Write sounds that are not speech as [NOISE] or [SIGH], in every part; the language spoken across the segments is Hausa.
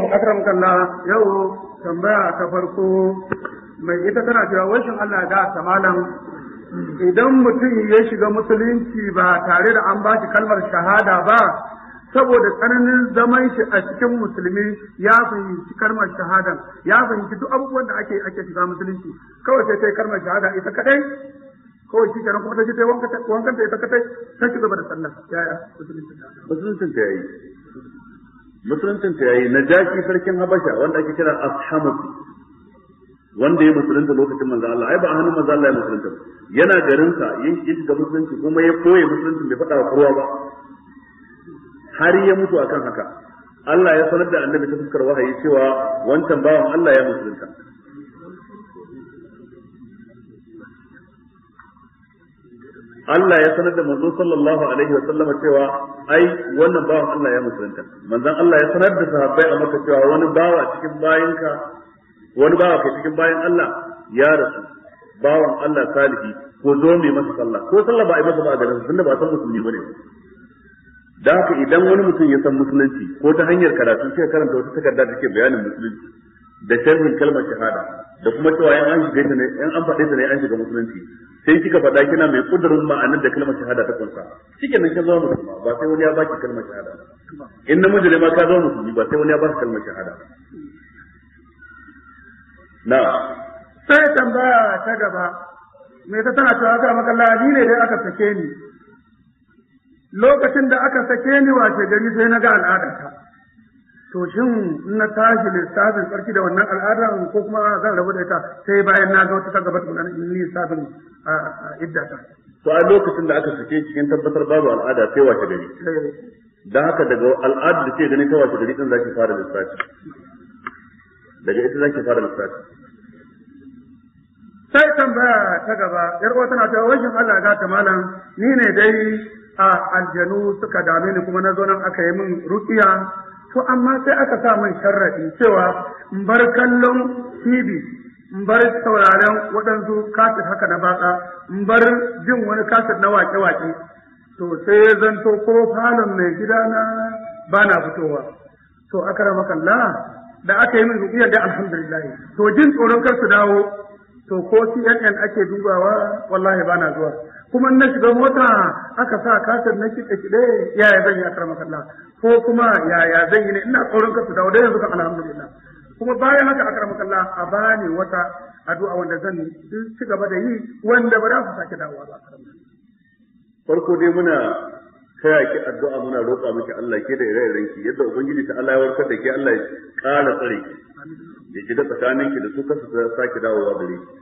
akram kalla yau tambaya ta farko mai ita tana cewa washin Allah da malam idan mutum ya shiga musulunci ba tare da an shi kalmar shahada ba saboda tsananin zaman shi a cikin musulmi ya fahimci kalmar shahadan ya fahimci duk abubuwan da ake ake shiga musulunci kawai sai kai kalmar shahada ita kadai kawai shi kenan kuma ta ji ta wankan ta ita kadai ta shiga da sallah yaya musulunci ta yi musuluncin ta yayi najashi sarkin habasha wanda ake kira ashamusi wanda ya musulunta lokacin manzo Allah ai ba a hannun manzo Allah ya musulunta yana garin sa yin shi ga musulunci kuma ya koyi musulunci bai fada wa kowa ba har ya mutu akan haka Allah ya sanar da annabi ta fuskar wahayi cewa wancan bawan Allah ya musulunta Allah ya sanar da manzo sallallahu alaihi wa sallama cewa ai wannan bawan Allah ya musulunta manzon Allah ya sanar da sahabbai a maka cewa wani bawa cikin bayanka wani bawa cikin bayan Allah ya rasu bawan Allah salihi ko zo mai masa sallah ko sallah ba a yi masa ba a garin tunda ba san musulmi bane da haka idan wani mutum ya san musulunci ko ta hanyar karatu sai karanta wata takarda take bayanin musulunci da sharhin kalmar shahada da kuma cewa yan an shiga ne yan an faɗe ne an shiga musulunci sai kika faɗa kina mai kudurin ma'anar da kalmar shahada ta kunsa kike nan kin zama musulma ba sai wani ya baki kalmar shahada in namiji ne ma ka zama musulmi ba sai wani ya baki kalmar shahada na sai tambaya ta gaba me ta tana cewa ta maka ladi ne dai aka sake ni lokacin da aka sake ni wace gari sai na ga al'adarka to shin na tashi lissafin tsarki da wannan al'ada ko kuma zan rabu da ita sai bayan na ga wata ta gaba tukuna in lissafin idda ta to a lokacin da aka sake cikin tabbatar babu al'ada sai wace gari dan haka daga al'ada da ke gani ta wace gari din zaki fara lissafi daga ita zaki fara lissafi sai tambaya ta gaba yar uwa tana cewa wajen Allah ga ta malam ni ne dai a aljanu suka dame ni kuma na zo nan aka yi min rukiya to amma sai aka sa man sharraɗi cewa in bar kallon TV in bar sauraren waɗansu kasir haka na baka in bar jin wani kasir na waƙe-waƙe. to sai ya zanto ko falon mai gida na ba na fitowa to aka rama kalla da aka yi min ruƙiyar da alhamdulillah to jin tsoron kar su dawo to ko CNN ake dubawa wallahi ba na zuwa kuma na shiga mota aka sa kasar na shi kiɗe yaya zan yi akar makalla ko kuma yaya zan yi ne ina tsoron kasu dawo dai yanzu kan alhamdulillah kuma bayan haka akar makalla a bani wata addu'a wanda zan ci gaba da yi wanda ba za su sake dawowa ba farko dai muna kaya ki addu'a muna roƙa miki Allah ke da ire-iren ki yadda ubangiji ta Allah ya warkar da ke Allah ya ƙara tsare ki ya da tsakanin ki da su kasu sake dawowa gare ki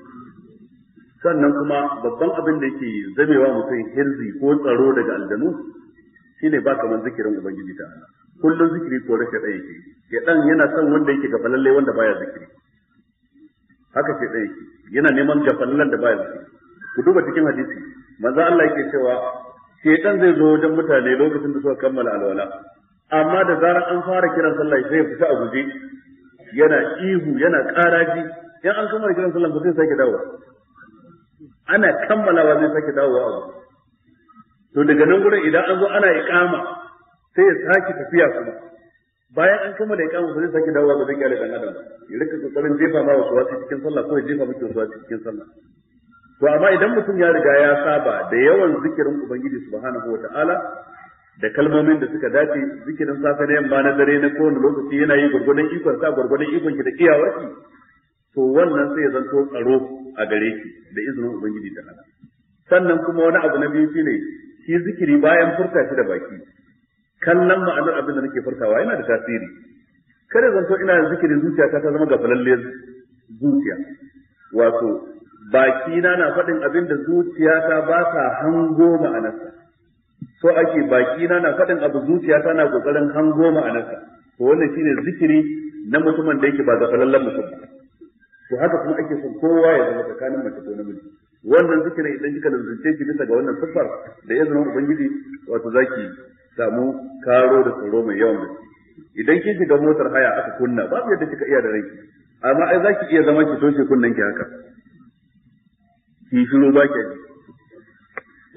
sannan kuma babban abin da yake zamewa mutum hirzi ko tsaro daga aljanu shine ba kamar zikirin ubangiji ta Allah kullun zikiri ko rashe ɗaya yake ya dan yana son wanda yake gabalalle wanda baya zikiri haka ke ɗaya yake yana neman gafalallen da baya zikiri ku duba cikin hadisi manzo Allah yake cewa shedan zai zo wajen mutane lokacin da suka kammala alwala amma da zarar an fara kiran sallah sai fita a guje yana ihu yana karaji in an kammala kiran sallah ba zai sake dawo ana kammalawa zai sake dawowa a to daga nan gurin idan an zo ana iqama sai ya sake tafiya kuma bayan an kammala iqama sai sake dawowa ga zai da adam ya rika kokarin jefa ma wasu wasu cikin sallah ko ya jefa miki wasu wasu cikin sallah to amma idan mutum ya riga ya saba da yawan zikirin ubangiji subhanahu wataala da kalmomin da suka dace zikirin safe na yamma na dare na kowane lokaci yana yi gurgurdan ikon sa gurgurdan ikon ki da iyawarki to wannan sai ya zanto tsaro a gare shi da izinin ubangiji da Allah sannan kuma wani abu na biyu shine shi zikiri bayan furta shi da baki kallon ma'anar abin da nake furtawa yana da tasiri kada zanto ina zikirin zuciya ta zama gafalalle zuciya wato baki na na faɗin abin da zuciya ta ba ta hango ma'anarsa so ake baki na na faɗin abu zuciya ta na kokarin hango ma'anarsa to wannan shine zikiri na mutumin da yake ba gafalallen mutum ba to haka kuma ake son kowa ya zama tsakanin mace ko namiji wannan zikirin idan kika lantance ki bisa ga wannan siffar da ya zama ubangiji wato zaki samu karo da tsoro mai yawan gaske idan kin shiga motar haya aka kunna ba yadda kika iya da ranki amma ai zaki iya zama ki toshe kunnen ki haka ki shiru ba ki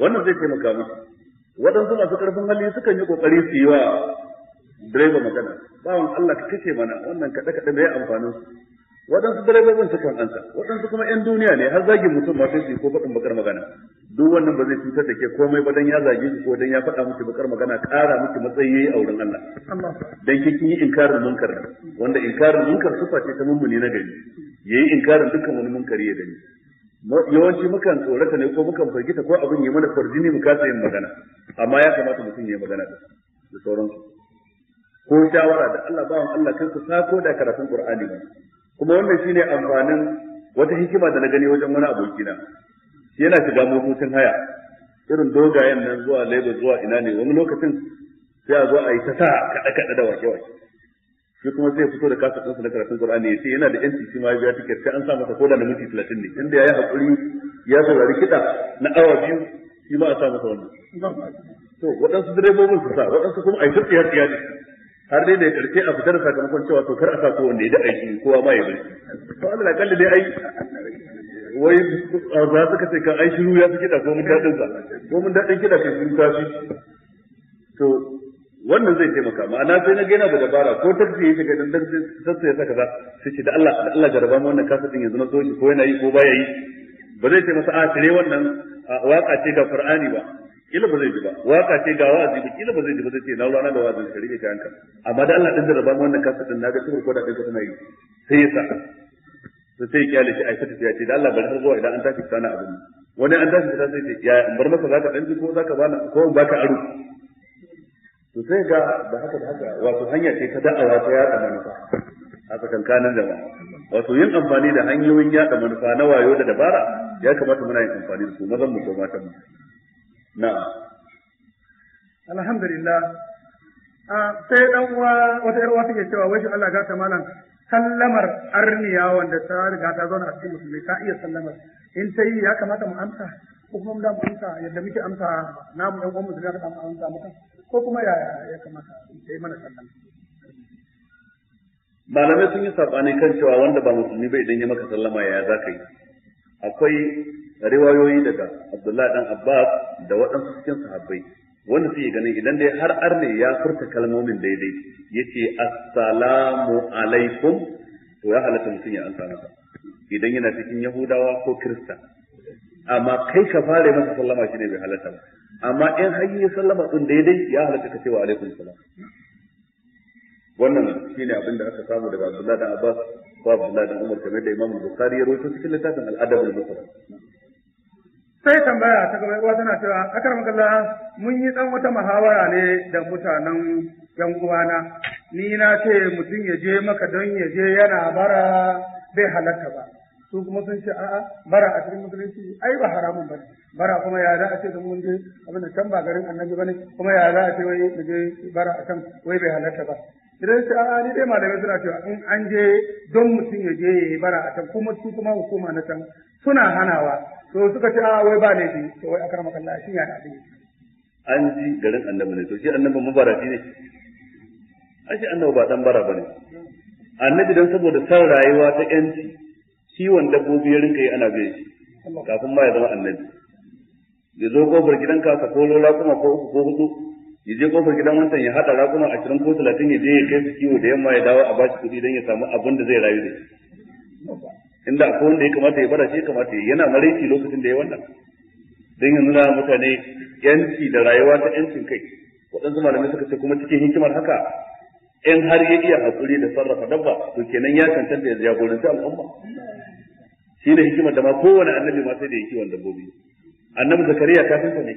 wannan zai taimaka musu waɗansu masu ƙarfin hali sukan yi ƙoƙari su yi wa direba magana bawan Allah ka kace mana wannan kaɗe-kaɗe da ya amfanin su waɗansu direbobin kan ansa waɗansu kuma 'yan duniya ne har zagin mutum ba sai ko faɗin bakar magana duk wannan ba zai cutar da ke komai ba dan ya zage shi ko dan ya faɗa miki bakar magana ƙara miki matsayi a wurin Allah dan kiki kin yi inkarin munkar wanda inkarin munkar su face ta mummuni na gari yayi inkarin dukkan wani munkari ya gani yawanci mukan tsorata ne ko mukan fargita ko abin ya mana farjini mu kasa yin magana amma ya kamata mutum ya yi magana da sauransu ko shawara da Allah bawan Allah kansa sako da karatun Qur'ani ba kuma wannan shine amfanin wata hikima da na gani wajen wani abokina yana shiga motocin haya irin dogayen nan zuwa Lagos zuwa ina ne wani lokacin sai a zo a yi ta sa kada kada da wake wake shi kuma sai fito da kasa kansa na karatun Qur'ani ya ce yana da yanci shi ma ya tiket sai an sa masa koda na minti 30 ne inda yayi hakuri ya saurari kiɗa na awa biyu shi ma a sa masa wannan to waɗansu direbobin su sa waɗansu kuma a yi tsiya tsiya ne har dai da karshe a fitar sakamakon cewa to kar a sa ko wanda ya da aiki kowa ma ya bari to Allah kalli dai ai wai za su kace ka ai shiru ya suke da ko mun dadin sa ko mun dadin kida ka shiru ka shi to wannan zai taimaka ma'ana sai na gaina da dabara ko tafi yake ga dandan sai ya saka za su ce da Allah da Allah jaraba mu wannan kasa din yanzu na so ko yana yi ko baya yi ba zai taimaka masa a tare wannan waka ce ga Qur'ani ba kila ba zai ji ba waka ce ga wa'azi ba kila ba zai ji ba sai ce na rana da wa'azi ka rike kanka amma da Allah din da rabon wannan kasa din naga tukur koda kai ka tana yi sai ya sa sai sai kiyale shi ai fata ya ce da Allah bari har zuwa idan an tafi kana abin wani an tafi ta sai ce ya bar masa zaka dan ji ko zaka bana ko baka aro to sai ga da haka da haka wato hanya ce ta da'awa ta yaɗa manufa a tsakankanin jama'a wato yin amfani da hanyoyin yaɗa manufa na wayo da dabara ya kamata muna yin amfani da su mazan mu ko matan mu na'am alhamdulillah sai dan uwa wata yar uwa take cewa wai Allah ga ta malam sallamar arniya wanda ta riga ta zauna a cikin musulmi ta iya sallamar in ta yi ya kamata mu amsa ko kuma mun da mu amsa yadda muke amsa namu ɗan uwan musulmi ka mu amsa maka ko kuma ya ya kamata ta yi mana sallama malamai sun yi saɓani kan cewa wanda ba musulmi ba idan ya maka sallama ya za ka yi akwai riwayoyi daga Abdullahi dan Abbas da waɗansu cikin sahabbai wanda suke ganin idan dai har arne ya furta kalmomin daidai yace assalamu alaikum to ya halatta mutum ya amsa masa idan yana cikin Yahudawa ko Kirista amma kai ka fare masa sallama shine bai halatta ba amma in har yi sallama din daidai ya halatta ka cewa alaikum salam wannan shine abin da aka samu daga Abdullahi dan Abbas ko Abdullahi dan Umar kamar da Imam Bukhari ya rawaito cikin littafin al-Adab al-Mufrad sai tambaya ta gaba uwa tana cewa akar magalla mun yi dan wata muhawara ne da mutanen yan uwana ni na ce mutum ya je maka don ya je yana bara bai halatta ba su kuma sun ce a'a bara a cikin musulunci ai ba haramun bane bara kuma ya za a ce mun je abin da can ba garin annabi bane kuma ya za a ce wai mu je bara a can wai bai halatta ba idan shi a ni dai malamai suna cewa in an je don mutum ya je ya yi bara a can kuma su kuma hukuma na can suna hanawa to suka ce a wai ba laifi to wai akar makalla shi ya da an ji garin annabi ne to shi annabi mubarati ne a shi annabi ba dan bara bane annabi dan saboda san rayuwa ta yanci kiwon dabbobi ya rinka yi ana bai shi kafin ma ya zama annabi ya zo kofar gidanka ka kolo kuma ko uku ko hudu ya je kofar gidan wancan ya hada raguna ashirin ko talatin ya je ya kai su kiwo da yamma ya dawo a bashi kuɗi don ya samu abin da zai rayu da shi inda akwai wanda ya kamata ya bara shi ya kamata ya yana maraici lokacin da ya wannan don yanzu na mutane yanci da rayuwa ta yancin kai waɗansu malamai suka ce kuma cikin hikimar haka in har ya iya haƙuri da sarrafa dabba to kenan ya cancanta ya jagoranci al'umma shi ne hikimar da ma kowane annabi ma sai da ya kiwon dabbobi annabi zakariya kafinta ne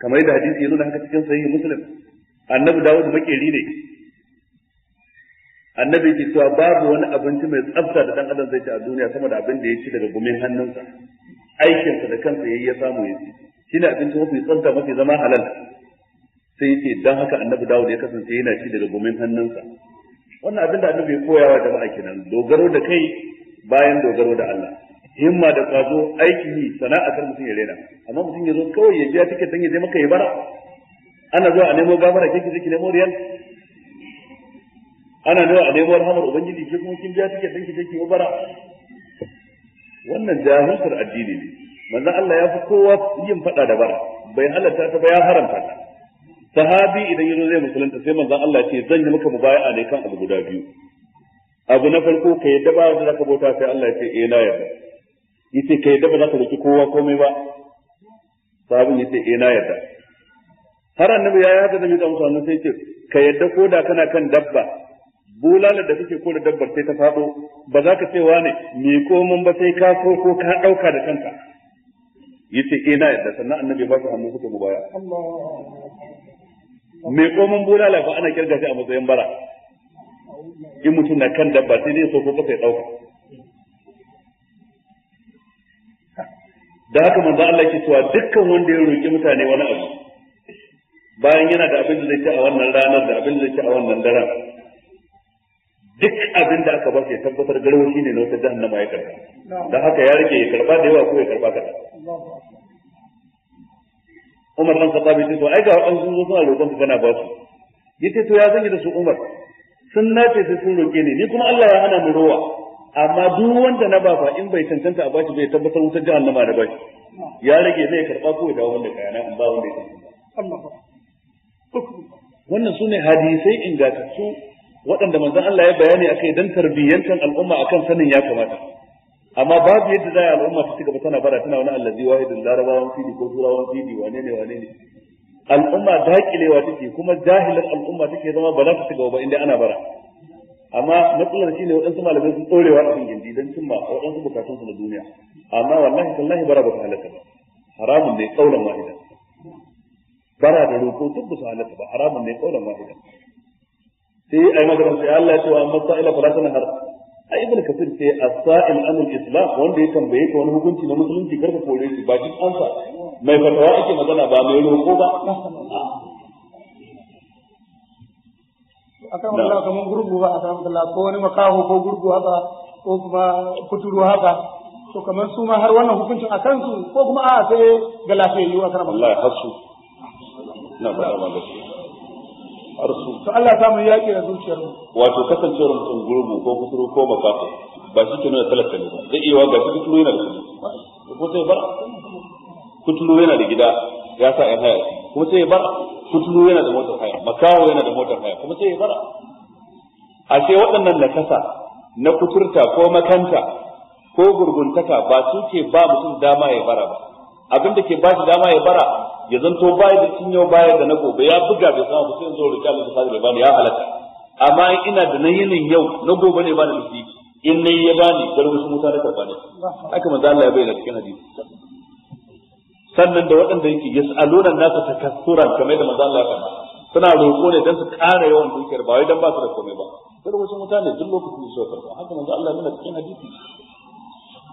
kamar da hadisi ya nuna haka cikin sahihi muslim annabi dawud makeri ne annabi ke cewa babu wani abinci mai tsafta da dan adam zai ci a duniya sama da abin da ya ci daga gumin hannunsa aikinsa da kansa yayi ya samu ya ci shine abinci mafi tsafta mafi zama halal sai yake dan haka annabi dawud ya kasance yana ci daga gumin hannunsa wannan abin da annabi ya koya wa jama'a kenan dogaro da kai bayan dogaro da Allah himma da kwazo aikin yi sana'a kar mutum ya rena amma mutum ya zo kawai ya biya tiket dan ya je maka ya bara ana zuwa a nemo gafara kike zaki nemo riyal ana zuwa a nemo alhamar ubangiji ke kuma kin biya tiket dan ki je ki bara wannan jahilcin addini ne manzo Allah ya fi kowa yin fada da bara bai halatta ta ba ya haramta ta sahabi idan yazo zai musulunta sai manzo Allah ce zan yi maka mubaya'a ne kan abu guda biyu abu na farko kai da ba da zaka bauta sai Allah ya ce eh na yarda yace kai yadda ba za ka roki kowa komai ba sahabin yace eh na yadda har annabi ya haka da mika mutane sai ce ka yadda ko da kana kan dabba bulala da kake ko da dabbar sai ta fado ba za ka ce wane me komai ba sai ka so ko ka dauka da kanka yace eh na yadda sannan annabi ba su hannu suka mubaya me komun bulala ba ana kirga shi a matsayin bara in mutum na kan dabba sai dai so ko ka sai dauka da haka manzo Allah ke cewa dukkan wanda ya roki mutane wani abu bayan yana da abin da zai ci a wannan ranar da abin da zai ci a wannan daren duk abin da aka ba shi tabbatar garwashi ne na wata jahannama ya karba da haka ya rike ya karba da yawa ko ya karba kaɗan Umar dan Khattab sai to ai ga an zo suna roƙon ka kana ba su yace to ya zanyi da su Umar sun nace sai sun roƙe ni ni kuma Allah ya hana mu rowa amma duk wanda na baba in bai cancanta a bashi bai tabbatar wutar jahannama da bashi ya rage zai karba ko da wanda kayana in ba wanda ya cancanta wannan sune hadisai ingantattu waɗanda manzon Allah ya bayani akai dan tarbiyyantan al'umma akan sanin ya kamata amma babu yadda za a al'umma ta cigaba tana bara tana wani allazi wahidin larabawan fili ko turawan fili wane ne wane ne al'umma daƙilewa take kuma jahilar al'umma take zama ba za ta cigaba ba inda ana bara amma matsalar shine waɗansu malamai sun ɗorewa a cikin gindi don cimma waɗansu bukatunsu na duniya amma wallahi tallahi bara ba ta halatta ba haramun ne ƙaunar wahida bara da roƙo duk ba su halatta ba haramun ne ƙaunar wahida sai ai magana sai Allah ya ce wa amma sa'ila fala har a ibn kafin sai as-sa'il an al-islam wanda ya tambaye ka wani hukunci na musulunci karka kore shi ba duk ansa mai fatawa ake magana ba mai roƙo ba akan Allah kamar gurgu ba akan Allah ko wani makaho ko gurgu haka ko kuma kuturu haka to kamar su ma har wannan hukuncin a kansu ko kuma a sai ga lafiyayyu akan Allah Allah har su na ba ma gaskiya har su to Allah ya samu yaki da zuciyar mu wato kasancewar mutum gurgu ko kuturu ko makaho ba shi ke nuna talaka ne ba zai iya ga shi kuturu yana da kudi ko sai ba kuturu yana da gida ya sa ya haya kuma sai ya bara kuturu yana da motar haya makawo yana da motar haya kuma sai ya bara a ce waɗannan nakasa na kuturta ko makanta ko gurguntaka ba su ke ba mutum dama ya bara ba abin da ke ba shi dama ya bara ya zanto baya da cinyo baya da na gobe ya buga bai sama mutum zo rika mai da bai bani ya halaka amma ina da na yinin yau na gobe ne ba da in yi ya bani dar wasu mutane karba ne haka manzo Allah ya bayyana cikin hadisi sannan da waɗanda yake yas'aluna nasa takassuran kamar yadda maza Allah ya faɗa suna roƙo ne don su ƙara yawan dukiyar ba wai don ba su da komai ba sai wasu mutane duk lokacin da suka karɓa haka maza Allah nuna cikin hadisi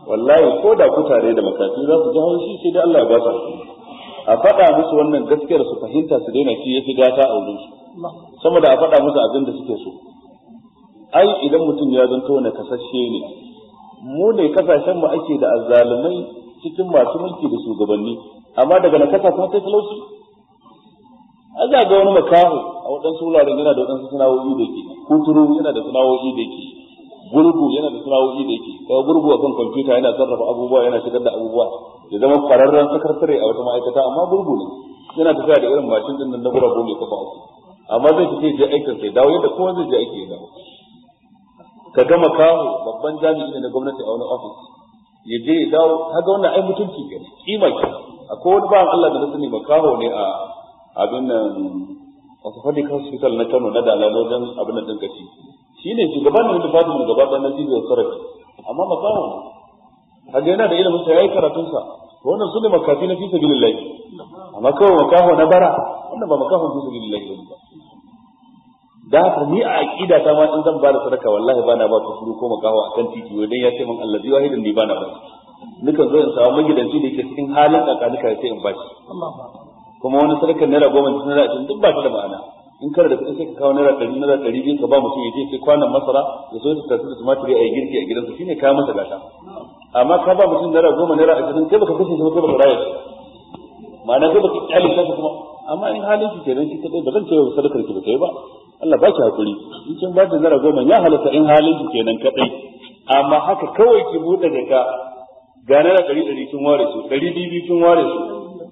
wallahi ko da ku tare da makafi za su ji haushi sai dai Allah ya ba su a faɗa musu wannan gaskiyar su fahimta su daina shi yafi gata a wurin su sama da a faɗa musu abin da suke so ai idan mutum ya zanto wani kasashe ne mu ne kasashen mu ake da azzalumai cikin masu mulki da shugabanni amma daga kasa kuma sai talauci a za ga wani makaho a waɗansu wuraren yana da waɗansu sana'o'i da ke kuturu yana da sana'o'i da ke gurgu yana da sana'o'i da ke kawo gurgu a kan kwamfuta yana sarrafa abubuwa yana shigar da abubuwa ya zama kwararren sakatare a wata ma'aikata amma gurgu ne yana tafiya da irin mashin din nan na gurabu mai kafa uku amma zai tafi je aikin sai dawo yadda kowa zai je aiki ya dawo ka gama kawo babban jami'i ne na gwamnati a wani ofis ya je ya dawo kaga wannan ai mutunci kenan kima ke akwai wani bayan Allah da na sani makaho ne a abin nan a kan hospital na Kano na dalalo wajen abin nan dinkaci shi ne shugaban da mutum mu gaba ɗaya na cibiyar sarrafi amma makaho ne kaga yana da ilimin sa yayi karatun sa wannan sune makafi na fi sabilillah amma kawai makaho na bara wannan ba na fi sabilillah ba da haka ni a aqida ta ma in zan ba da sadaka wallahi ba na ba ku furu ko a kan titi wai dan ya ce min allazi wahidin ni ba na ba nukan zo in samu magidanci da yake cikin halin nika sai in bashi kuma wani sadakar naira goma ta naira ashirin duk ba ta da ma'ana in kar da kuɗin sai ka kawo naira ɗari naira ɗari biyu ka ba mutum ya je sai kwanan masara ya so ta tafi da tumatir ya yi girki a gidansa shine kaya masa gata amma ka ba mutum naira goma naira ashirin kai baka kashe shi kai baka raya shi ma'ana kai baka kyale shi kuma amma in halin shi kenan shi kadai ba zan ce sadakar ki ba kai ba Allah ba shi hakuri in kin ba ta zara goma ya halatta in halin ki kenan kadai amma haka kawai ki bude jaka ga naira ɗari ɗari kin ware su ɗari biyu kin ware su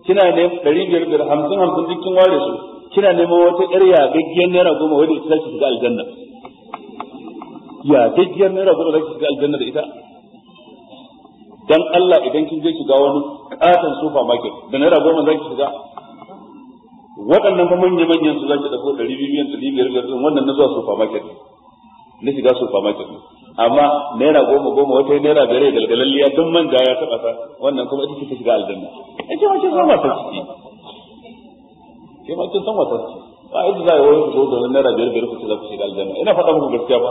kina ne ɗari biyar biyar hamsin hamsin duk kin ware su kina neman wata ƴar yagaggiyar naira goma wadda ita ki shiga aljanna Ya yagaggiyar naira goma zaki shiga aljanna da ita dan Allah idan kin je shiga wani katon supermarket da naira goma zaki shiga waɗannan fa manya manyan su zaki dauko 200 biyan su biyar din wannan na zuwa supermarket ne na shiga supermarket amma naira goma goma wata naira gare galgalalliya don manja ya taɓa ta wannan kuma ita ta shiga aljanna in eh, ce ma zama ta wata ciki ke ma kin san wata ciki ba yadda za a yi wani su zo naira biyar biyar ku ce za ku shiga aljanna ina faɗa muku gaskiya ba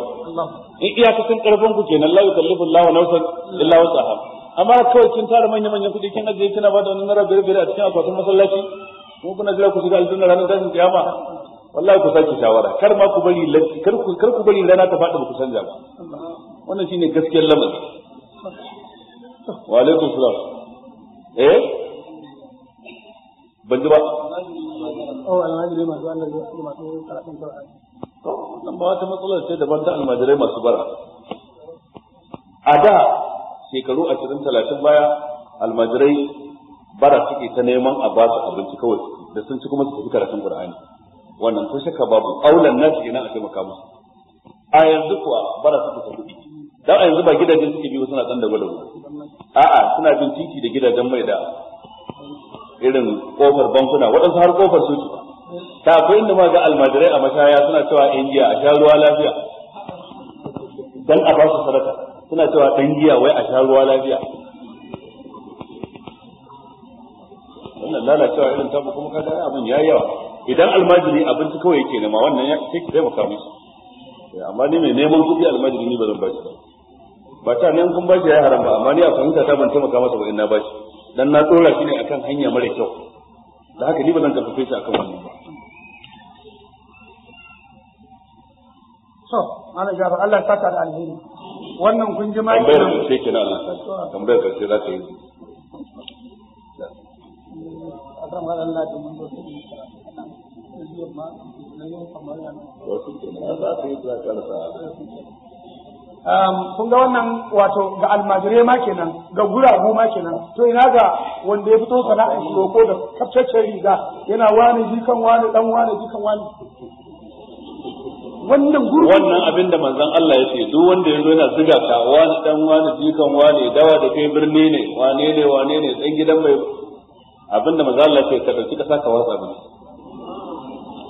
in iyakacin ƙarfin ku kenan la yukallifu Allahu nafsan illa wusaha amma kawai kin tara manya manyan kuɗi kin ajiye kina ba da wani naira biyar biyar a cikin akwatin masallaci ko kuna jira ku shiga aljanna ranar tashin kiyama wallahi ku sake shawara kar ma ku bari kar ku kar ku bari rana ta fada ku san ba wannan shine gaskiyar lamari wa alaikum salam eh ban ba oh almajirai masu annabi masu karatun qur'ani to nan ba wata matsala ce da ta almajirai masu bara a da shekaru 20 30 baya almajirai bara suke ta neman a ba su abinci kawai da sun ci kuma su tafi karatun qur'ani wannan ko shakka babu aulan nasu kenan a taimaka musu a yanzu kuwa bara suke ta kuɗi dan a yanzu ba gidajen suke biyu suna tsanda gwada a'a suna bin titi da gidajen mai da irin kofar bankuna waɗansu har kofar soki ta akwai inda ma ga almajirai a mashaya suna cewa yan a sha ruwa lafiya dan a ba su sadaka suna cewa dan giya wai a sha ruwa lafiya wannan lalacewa irin tabu kuma ka ga abin yayi yawa idan almajiri abinci kawai yake nema wannan ya sai ki maka musu eh, amma ni mai neman kuɗi almajiri ni bazan zan bashi ba ta ne kun bashi yayi haram ba amma ni a fahimta ta ban taimaka masa ba in na bashi dan na tsora shi ne akan hanya mara kyau da haka ni bazan zan karfafe shi akan wannan ba to malam jaba Allah saka da alheri wannan kun ji mai tambayar da sai kenan Allah ta tambayar da sai za ka yi kun ga wannan wato ga almajirai ma kenan ga guragu ma kenan to ina ga wanda ya fito sana'ar roko da kaftaccen riga yana wani jikan wani dan wani jikan wani wannan guru wannan abin da manzan Allah ya ce duk wanda zo yana zuga ka wani dan wani jikan wani dawa da kai birni ne wane ne wane ne dan gidan mai abinda maza Allah ce ka dauki kasa ka watsa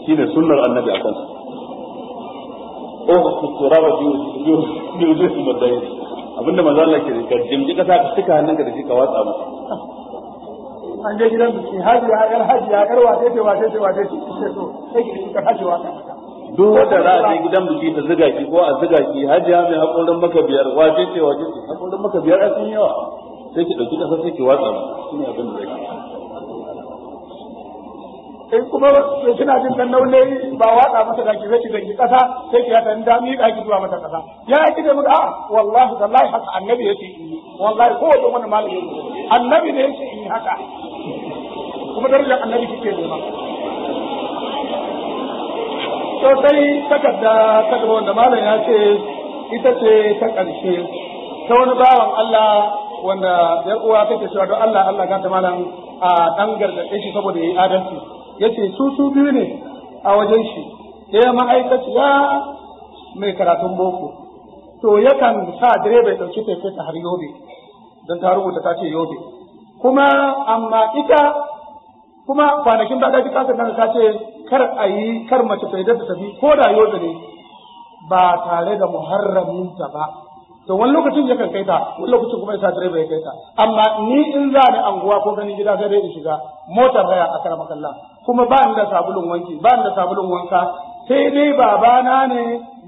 Shi ne sunnar annabi akan su oh turaba biyu biyu biyu su madai abinda maza Allah ke ka jimji kasa ka tuka hannunka da shi ka watsa masa an je gidan biki hajiya yar hajiya yar wace ce wace ce wace ce ce to sai ki ka hajiya duk wata za a je gidan biki ta ziga ki ko a ziga ki hajiya mai hakorin maka biyar wace ce wace ce hakorin maka biyar a sun yawa sai ki dauki kasa sai ki watsa shi ne abin da zai in kuma kina jin dan nauyi ba watsa masa da ki zai dangi kasa sai ki yata da mi ki zuwa mata kasa ya ki da muka wallahi wallahi haka annabi yace wallahi ko da wani malami annabi ne yace in haka kuma darajar annabi kike ma. to sai takarda ta wanda malam ya ce ita ce ta ƙarshe ta wani bawan Allah wanda ya uwa take cewa don Allah Allah ga ta malam a dan gargaɗe shi saboda yi adalci yace su su biyu ne a wajen shi ɗaya ma'aikaciya mai karatun boko to yakan sa direba ya ɗauki tafiya ta har yobe don ta rubuta ta ce yobe kuma amma ita kuma kwanakin ba ɗaki kasa nan ta ce kar a yi kar mace ta yi da tafi ko da yobe ne ba tare da muharraminta ba to wani lokacin ya kan kai ta wani lokacin kuma ya sa direba ya kai ta amma ni in za ni anguwa ko ganin gida sai dai in shiga motar haya a karama kalla kuma ba ni da sabulun wanki ba ni da sabulun wanka sai dai babana ne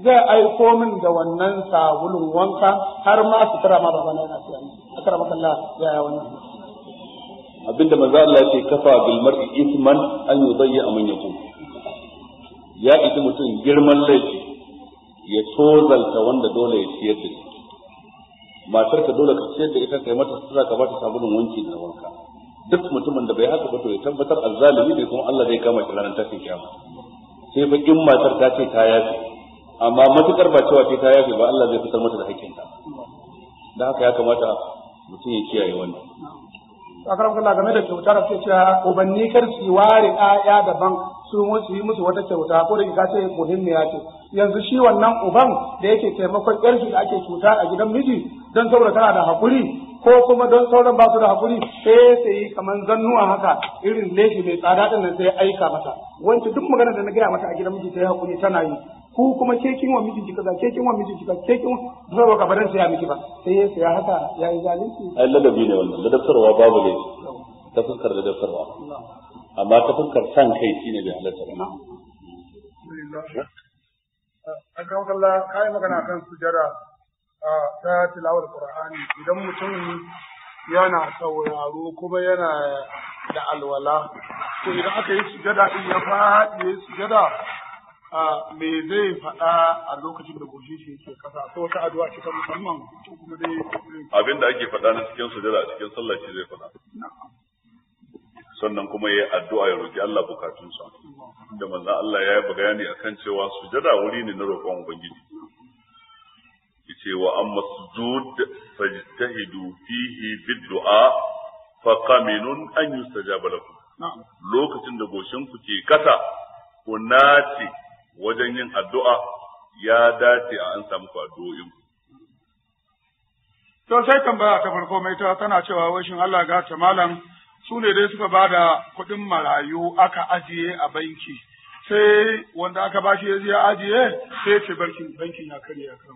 zai aiko min da wannan sabulun wanka har ma su tara ma babana yana siya a karama kalla ya yi wannan abinda maza Allah ya kafa bil mar'i Isman, an yudayya man yaqul ya ita mutum girman laifi ya tozalta wanda dole ya ciyar da shi matar ka dole ka ciyar da ita kai mata sutura ka bata sabulun wanki da wanka duk mutumin da bai haka ba to ya tabbatar azzalimi ne kuma Allah zai kama shi ranar tafi kiyama sai fa in matar ta ce ta yafi amma matukar ba cewa ta yafi ba Allah zai fitar mata da ta dan haka ya kamata mutum ya kiyaye wannan akaram kalla game da kyauta da ce cewa ubanni kar su ware ɗaya daban su su yi musu wata kyauta ko da ka ce muhimmiya ce yanzu shi wannan uban da yake taimakon yarki da ake cuta a gidan miji don saboda tana da haƙuri ko kuma don sauran ba su da haƙuri sai sai yi kamar zannuwa haka irin laifi mai tsada din nan sai aika mata Wancan duk magana da na gaya mata a gidan miji sai haƙuri tana yi ku kuma ke kin wa mijinki kaza ke kin wa mijinki kaza ke kin ba ka bar sai ya miki ba sai ya saya haka ya yi zalunci ai ladabi ne wannan ladabtarwa babu ne ta fuskar ladabtarwa amma ta fuskar san kai shine bai halatta ba an kawo kalla kai magana kan sujara ta tilawar Qur'ani idan mutum yana sauraro kuma yana da alwala to idan aka yi sujada in ya faɗi ya sujada me zai faɗa a lokacin da goshin shi yake kasa ko wata addu'a ce ta musamman kuma dai abin da ake faɗa na cikin sujada a cikin sallah shi zai faɗa sannan kuma yayi addu'a ya roki Allah bukatunsa da manzon Allah ya yi bayani akan cewa sujada wuri ne na roƙon ubangiji yace wa amma sujud fajtahidu fihi bid'a fa qaminun an yustajaba lakum lokacin da goshin ku ke kasa ku nace wajen yin addu'a ya dace a an samu addu'o'in to sai tambaya ta farko mai ta tana cewa wai shin Allah ga ta malam su ne dai suka bada kuɗin marayu aka ajiye a banki sai wanda aka bashi ya ajiye sai ce bankin bankin ya karya kan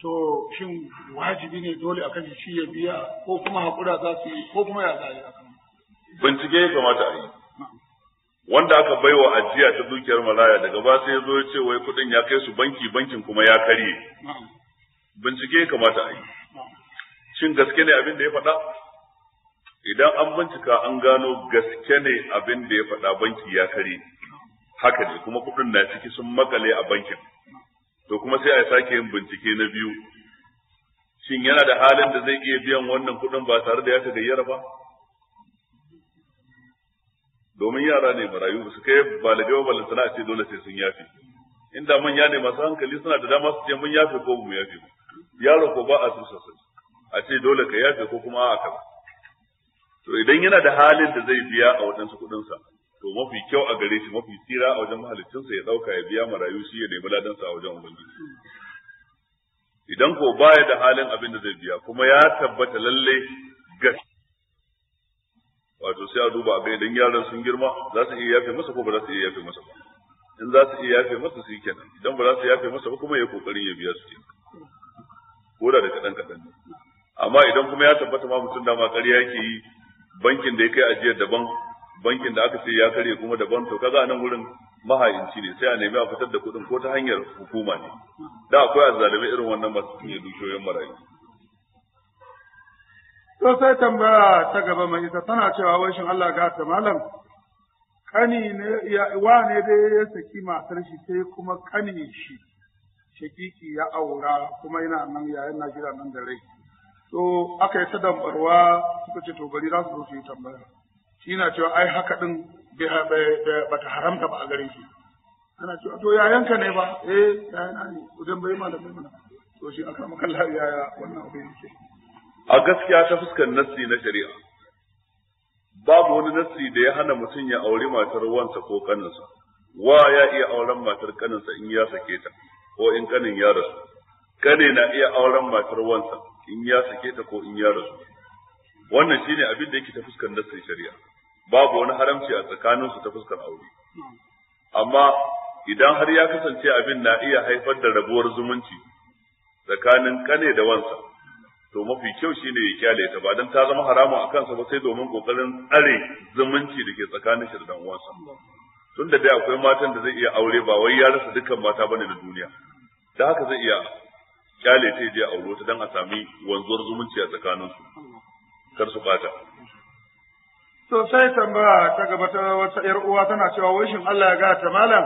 to shin wajibi ne dole a kashe shi ya biya ko kuma haƙura za su yi ko kuma ya za a yi bincike ya kamata a yi wanda aka baiwa ajiya ta dukiyar malaya daga ba sai ya zo ya ce wai kuɗin ya kai su banki bankin kuma ya karye bincike ya kamata a yi shin gaske ne abin da ya faɗa idan an bincika an gano gaske ne abin da ya faɗa banki ya karye haka ne kuma kuɗin na ciki sun makale a bankin to kuma sai a sake yin bincike na biyu shin yana da halin da zai iya biyan wannan kuɗin ba tare da ya gayyar ba domin yara ne marayu su kai balagai ba a ce dole sai sun yafe inda manya ne masu hankali suna da dama su ce mun yafe ko mu yafe ba yaro ko ba a tursa su a ce dole ka yafe ko kuma a kaza to idan yana da halin da zai biya a waɗansu kuɗinsa to mafi kyau a gare shi mafi tsira a wajen mahalicinsa ya dauka ya biya marayu shi ya nemi ladansa a wajen ubangiji idan ko baya da halin abin da zai biya kuma ya tabbata lalle ga wato sai a duba a ga idan yaran sun girma za su iya yafe masa ko ba za su iya yafe masa ba in za su iya yafe masa su kenan idan ba za su yafe masa ba kuma ya kokari ya biya su kenan ko da da kadan kadan amma idan kuma ya tabbata ma mutum da ma ƙarya yake yi bankin da ya kai ajiyar daban bankin da aka ce ya karye kuma daban to kaga nan wurin mahayinci ne sai a nemi a fitar da kuɗin ko ta hanyar hukuma ne da akwai azzalumai irin wannan masu cinye dushoyin marayu to sai tambaya ta gaba mai ita tana cewa wai shin Allah ga ta malam kani ne ya wa ne dai ya saki matar shi sai kuma kani shi shakiki ya aura kuma yana nan ya yana jira nan da rai to aka yi ta dambarwa suka ce to bari za su zo su yi tambaya shi na cewa ai haka din ba ta haramta ba a garin shi ana cewa to yanka ne ba eh yayana ne idan bai malamai mana to shi aka maka ya wannan abu yake a gaskiya ta fuskar nassi na shari'a babu wani nassi da ya hana mutum ya auri matar wansa ko kaninsa wa ya iya auren matar kaninsa in ya sake ta ko in kanin ya rasu kane na iya auren matar wansa in ya sake ta ko in ya rasu wannan shine abin da yake ta fuskar nassin shari'a babu wani haramci a tsakanin su ta fuskar aure amma idan har ya kasance abin na iya haifar da rabuwar zumunci tsakanin kane da wansa to mafi kyau shine ya kyale ta ba dan ta zama haramun a kansa ba sai domin kokarin tsare zumunci da ke tsakanin shi da dan uwansa tun da dai akwai matan da zai iya aure ba wai ya rasa dukkan mata bane na duniya da haka zai iya kyale ta je aure ta dan a sami wanzuwar zumunci a tsakaninsu kar su bata To sai tambaya ta gaba ta wata ‘yar uwa tana cewa wishin Allah ya gata malam.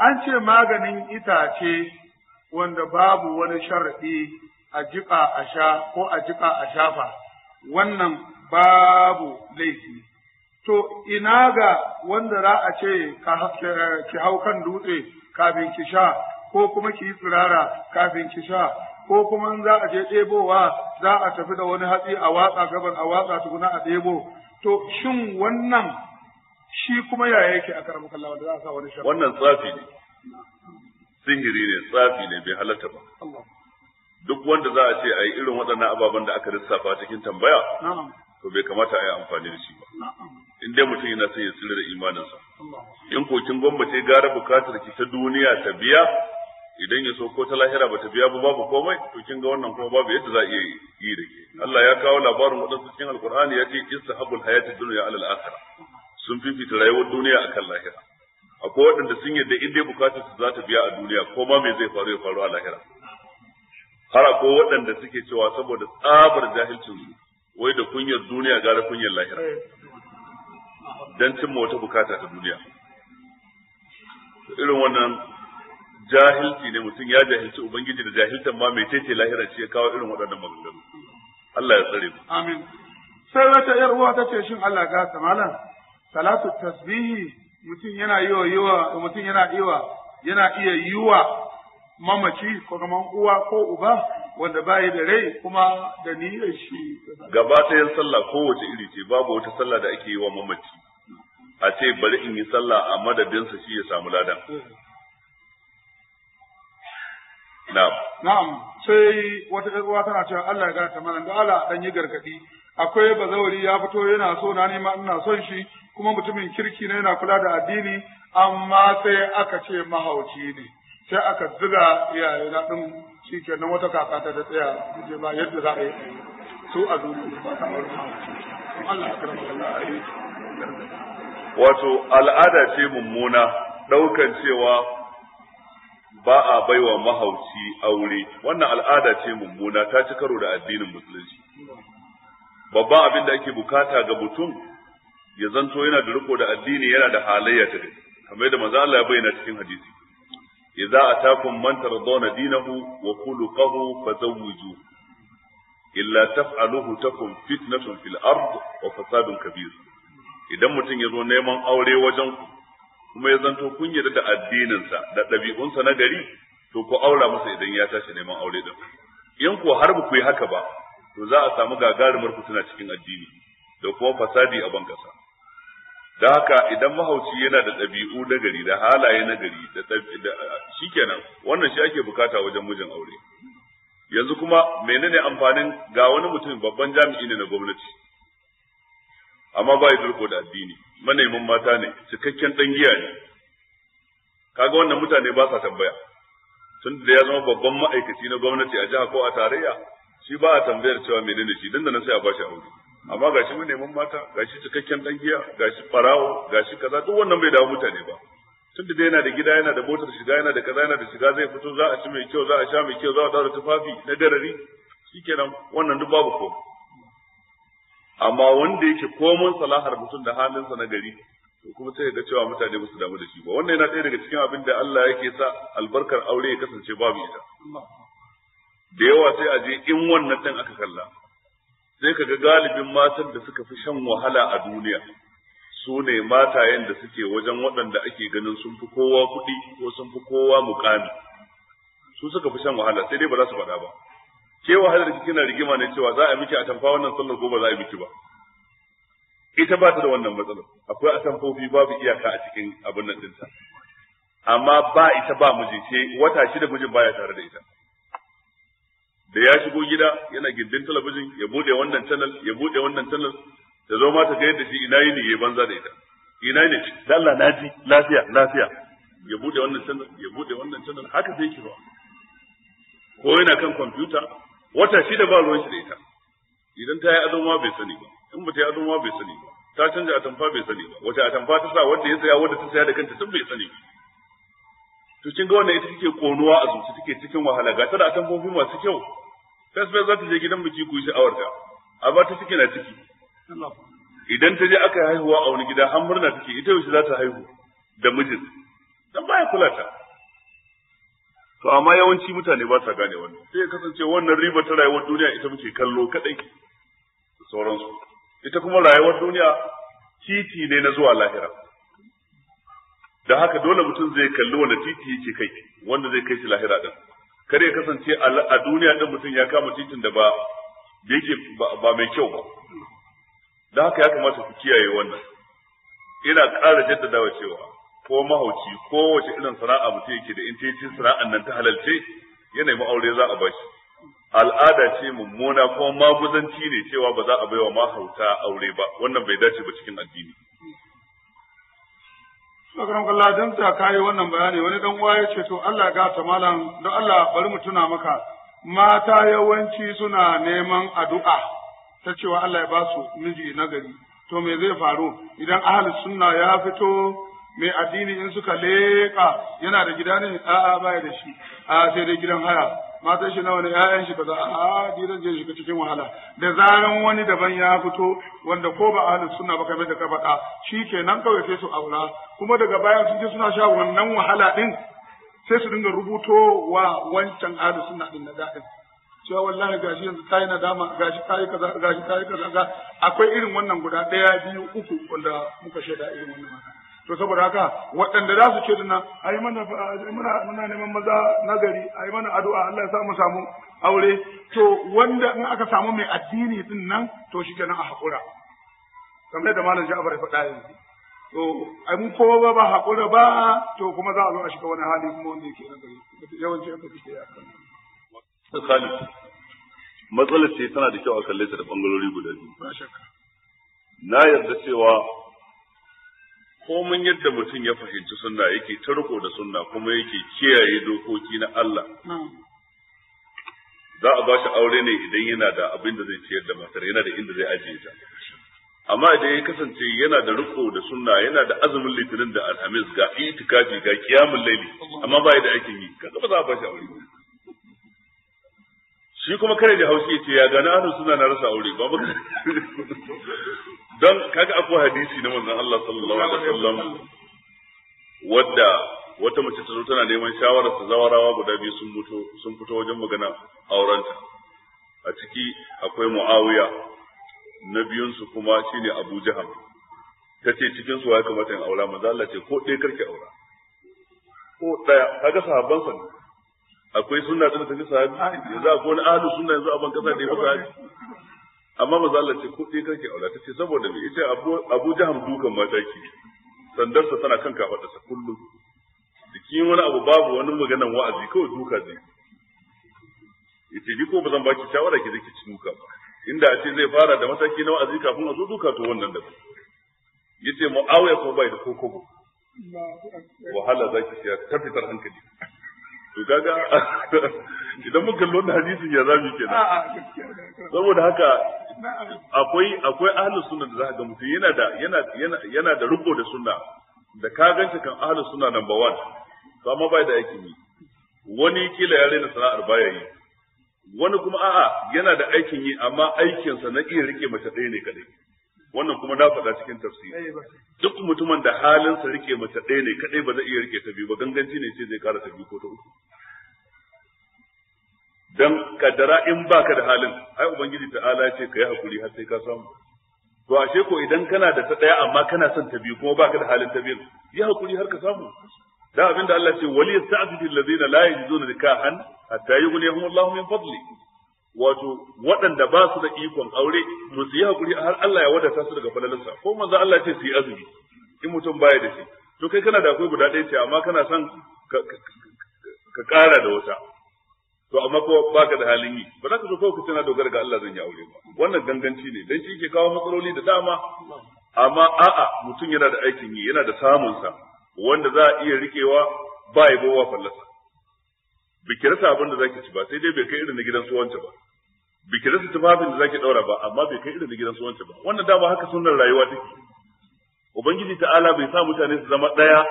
An ce maganin itace wanda babu wani sharaɗi a jiƙa a sha ko a jiƙa a shafa, wannan babu laifi. To ina ga wanda za a ce ki hau kan dutse kafin ki sha ko kuma ki yi tsirara kafin ki sha ko kuma in za a je ɗebowa za a tafi da wani hatsi a watsa gaban a watsa tukuna a ɗebo to shin wannan shi kuma ya yake a karamu kallawa da za a sa wani shafi wannan tsafi ne sihiri ne tsafi ne bai halatta ba duk wanda za a ce a yi irin waɗannan ababen da aka lissafa cikin tambaya to bai kamata a yi amfani da shi ba in dai mutum yana sai ya tsira da imaninsa in ko kin ya gara bukatar ki ta duniya ta biya idan ya so ko ta lahira bata biya ba babu komai to kin ga wannan kuma babu yadda za a iya yi da ke Allah ya kawo labarin wadansu cikin alkur'ani ya ce istahabul hayatid dunya alal akhirah sun fifita rayuwar duniya akan lahira akwai waɗanda sun yadda in dai bukatar su za ta biya a duniya ko ma me zai faru ya faru a lahira har akwai waɗanda suke cewa saboda tsabar jahilcin su wai da kunyar duniya gara kunyar lahira dan cimma wata bukata ta duniya irin wannan jahilci ne mutum ya jahilci ubangiji da jahiltan ma mai ce lahira ce kawo irin waɗannan maganganu Allah ya tsare mu amin sai wata yar uwa tace shin Allah ga ta malam salatu tasbihi mutum yana yiwa yiwa mutum yana yiwa yana iya yiwa mamaci ko kaman uwa ko uba wanda bayi da rai kuma da niyyar shi gaba ɗayan sallah kowace iri ce babu wata sallah da ake yi wa mamaci a ce bari in yi sallah a madadinsa shi ya samu ladan eh. Na'am. sai wata ƴar uwa tana cewa Allah ya gata mana da Allah dan yi gargadi akwai bazawari ya fito yana so na nema ina son shi kuma mutumin kirki ne yana kula da addini amma sai aka ce mahauci ne sai aka zuga iyaye na din nan wata kaka ta da tsaya je ba yadda za a yi su a duniya ba ta Wani Allah ya karama Allah wato al'ada ce mummuna ɗaukan cewa ba a baiwa mahauci aure wannan al'ada ce mummuna ta ci karo da addinin musulunci babban abin da ake bukata ga mutum ya zanto yana da riko da addini yana da halayya ta dai kamar yadda manzo Allah ya bayyana cikin hadisi idza atakum man tardawna dinahu wa khuluquhu fazawwiju illa taf'aluhu takum fitnatun fil ard wa fasadun kabir idan mutum ya zo neman aure wajen ku kuma ya zanto kun yarda da addininsa da ɗabi'unsa na gari to ku aura masa idan ya tashi neman aure da in ku har ba ku yi haka ba to za a samu gagarumar fitina cikin addini da kuma fasadi a ban kasa da haka idan mahauci yana da ɗabi'u na gari da halaye na gari da shikenan wannan shi ake bukata wajen mijin aure yanzu kuma menene amfanin ga wani mutum babban jami'i ne na gwamnati amma ba ya turko da addini manaimin mata ne cikakken dan giya ne kaga wannan mutane ba sa tambaya tun da ya zama babban ma'aikaci na gwamnati a jiha ko a tarayya shi ba a tambayar cewa menene shi dan da nan sai a bashi aure amma gashi manaimin mata gashi cikakken dan giya gashi farawo gashi kaza duk wannan bai dawo mutane ba tun da yana da gida yana da motar shiga yana da kaza yana da shiga zai fito za a ci mai kyau za a sha mai kyau za a daura tufafi na garari shikenan wannan duk babu ko amma wanda yake komon salahar mutum da halinsa na gari to kuma sai ga cewa mutane ba su damu da shi ba wannan yana ɗaya daga cikin abin da Allah yake sa albarkar aure ya kasance babu ita da yawa sai a je in wannan ɗin aka kalla sai ka ga galibin matan da suka fi shan wahala a duniya su ne matayen da suke wajen waɗanda ake ganin sun fi kowa kuɗi ko sun fi kowa mukami su suka fi shan wahala sai dai ba za su faɗa ba ke wahalar ki kina rigima ne cewa za a miki a tamfa wannan sallar ko ba za a miki ba ita ba ta da wannan matsalar akwai atamfofi babu iyaka a cikin abin nan dinta amma ba ita ba miji ce wata shida mijin baya tare da ita da ya shigo gida yana gindin talabijin ya bude wannan channel ya bude wannan channel ta zo ma ta ga yadda shi ina yi ne ya banza da ita ina ne da Allah na lafiya lafiya ya bude wannan channel ya bude wannan channel haka zai ki ko yana kan kwamfuta wata shi da ba ruwan shi da ita idan ta yi azuma bai sani ba in ba ta yi azuma bai sani ba ta canza atamfa bai sani ba wata atamfa ta sa wanda ya saya wanda ta saya da kanta tun bai sani ba to kin ga wannan ita take konuwa a zuci take cikin wahala ga ta da atamfofi masu kyau tasbih za ta je gidan biki ku yi awarta a ba ta ciki na ciki idan ta je aka haihuwa a wani gida har murna take ita yaushe za ta haihu da mijin dan baya kula ta to amma yawanci mutane ba sa gane wannan sai kasance wannan riba ta rayuwar duniya ita muke kallo kadai da sauransu ita kuma rayuwar duniya titi ne na zuwa lahira da haka dole mutum zai kalli wanda titi yake kai wanda zai kai shi lahira din Kar ya kasance a duniya din mutum ya kama titin da ba da yake ba mai kyau ba da haka ya kamata ku kiyaye wannan ina ƙara jaddadawa cewa ko mahauci ko wace irin sana'a mutum yake da in ta yi sana'an nan ta halalce yanayi nemi aure za a bashi al'ada ce mummuna ko maguzanci ne cewa ba za a baiwa mahauta aure ba wannan bai dace ba cikin addini Sakaram Allah don ta kayi wannan bayani wani dan waye ce to Allah ga ta malam don Allah bari mu tuna maka mata yawanci suna neman addu'a ta cewa Allah ya ba su miji nagari to me zai faru idan ahlus sunna ya fito mai addini in suka leƙa yana da gida ne a'a baya da shi a sai dai gidan haya Mata shi nawa ne ƴaƴan shi kaza a gidan je shiga cikin wahala da zaran wani daban ya fito wanda ko ba ahlus sunna ba kamar da ka faɗa shikenan kawai sai su aura kuma daga bayan sun je suna sha wannan wahala din sai su dinga rubuto wa wancan ahlus sunna din na daɗin cewa wallahi gashi yanzu na nadama gashi yi kaza gashi yi kaza akwai irin wannan guda ɗaya biyu uku wanda muka shaida irin wannan magana to saboda haka waɗanda za su ce a yi mana muna muna neman maza nagari yi mana addu'a Allah ya sa mu samu aure to wanda in aka samu mai addini din nan to shikenan a haƙura. kamar da malam shi ya faɗa yanzu to ai mun kowa ba ba haƙura ba to kuma za a zo a shiga wani hali kuma wanda yake nagari yawanci aka fice ke kan matsalar ce tana da kyau a kalle ta da bangarori guda biyu ba shakka na yarda cewa komin yadda mutum ya fahimci sunna yake ta riko da sunna kuma yake kiyaye dokoki na Allah za a ba shi aure ne idan yana da abin da zai ciyar da matar yana da inda zai ajiye ta amma idan ya kasance yana da riko da sunna yana da azumin litinin da alhamis ga itikafi ga kiyamul laili amma ba da aikin yi kaga ba za a ba shi aure shi kuma kare da haushi ce ya gani ahlus sunna na rasa aure ba don kaga akwai hadisi na manzon Allah sallallahu alaihi wasallam wadda wata mace ta zo tana neman shawarar ta zawarawa guda biyu sun mutu sun fito wajen magana aurenta a ciki akwai Muawiya na biyun su kuma shine Abu Jahal tace cikin su ya kamata in aura manzo Allah ce ko ɗaya karki aura ko ɗaya kaga sahabban sa akwai sunna da ta ji sahabi yanzu akwai wani ahlu sunna yanzu a ban kasa da ya fi amma maza Allah ce ko ɗaya kake ta tace saboda me ita Abu Abu dukan mata ke sandarsa tana kan kafadarsa kullum jikin wani abu babu wani maganan wa'azi kawai duka zai ita ji ko ba zan baki shawara ki zai ci duka ba inda a ce zai fara da mataki na wa'azi kafin a zo duka to wannan da yace Muawiya ko bai da kokobo wahala zaki ta fitar hankali to kaga [LAUGHS] idan muka kalli wannan hadisin ya zabi kenan saboda haka akwai akwai ahlus sunna da zaka ga mutum yana da yana yana da riko da sunna da ka ganta kan ahlus sunna number 1 to amma bai da aikin yi wani kila ya rena sana'ar baya yi wani kuma a'a yana da aikin yi amma aikinsa na iya rike mace ɗaya ne kadai wannan kuma na faɗa cikin tafsiri duk mutumin da halinsa rike mace ɗaya ne kadai ba zai iya rike ta biyu ba ganganci ne sai zai kara ta biyu ko ta uku dan kaddara in baka da halin ai ubangiji ta'ala ce kai hakuri har sai ka samu to ashe ko idan kana da ta ɗaya amma kana son ta biyu kuma baka da halin ta biyu yi hakuri har ka samu da abinda Allah ce wali yasta'fifu allazina la yajiduna nikahan hatta yughniyahum Allahu min fadli wato waɗanda ba su da ikon aure mu su yi hakuri har Allah ya wadata su daga falalinsa ko manzo Allah ce su yi azumi in mutum baya da shi to kai kana da akwai guda ɗaya ce amma kana son ka ƙara da wata to amma ko baka da halin yi ba za ka so kawai ka tana dogara ga Allah zan yi aure ba wannan ganganci ne dan shi ke kawo matsaloli da dama amma a'a mutum yana da aikin yi yana da samun sa wanda za a iya rikewa ba ya bawa fallasa biki rasa abin da zaki ci ba sai dai bai kai irin na gidan su wance ba biki rasa tufafin da zaki daura ba amma bai kai irin na gidan su wance ba wannan dama haka sunan rayuwa take ubangiji ta'ala bai sa mutane su zama daya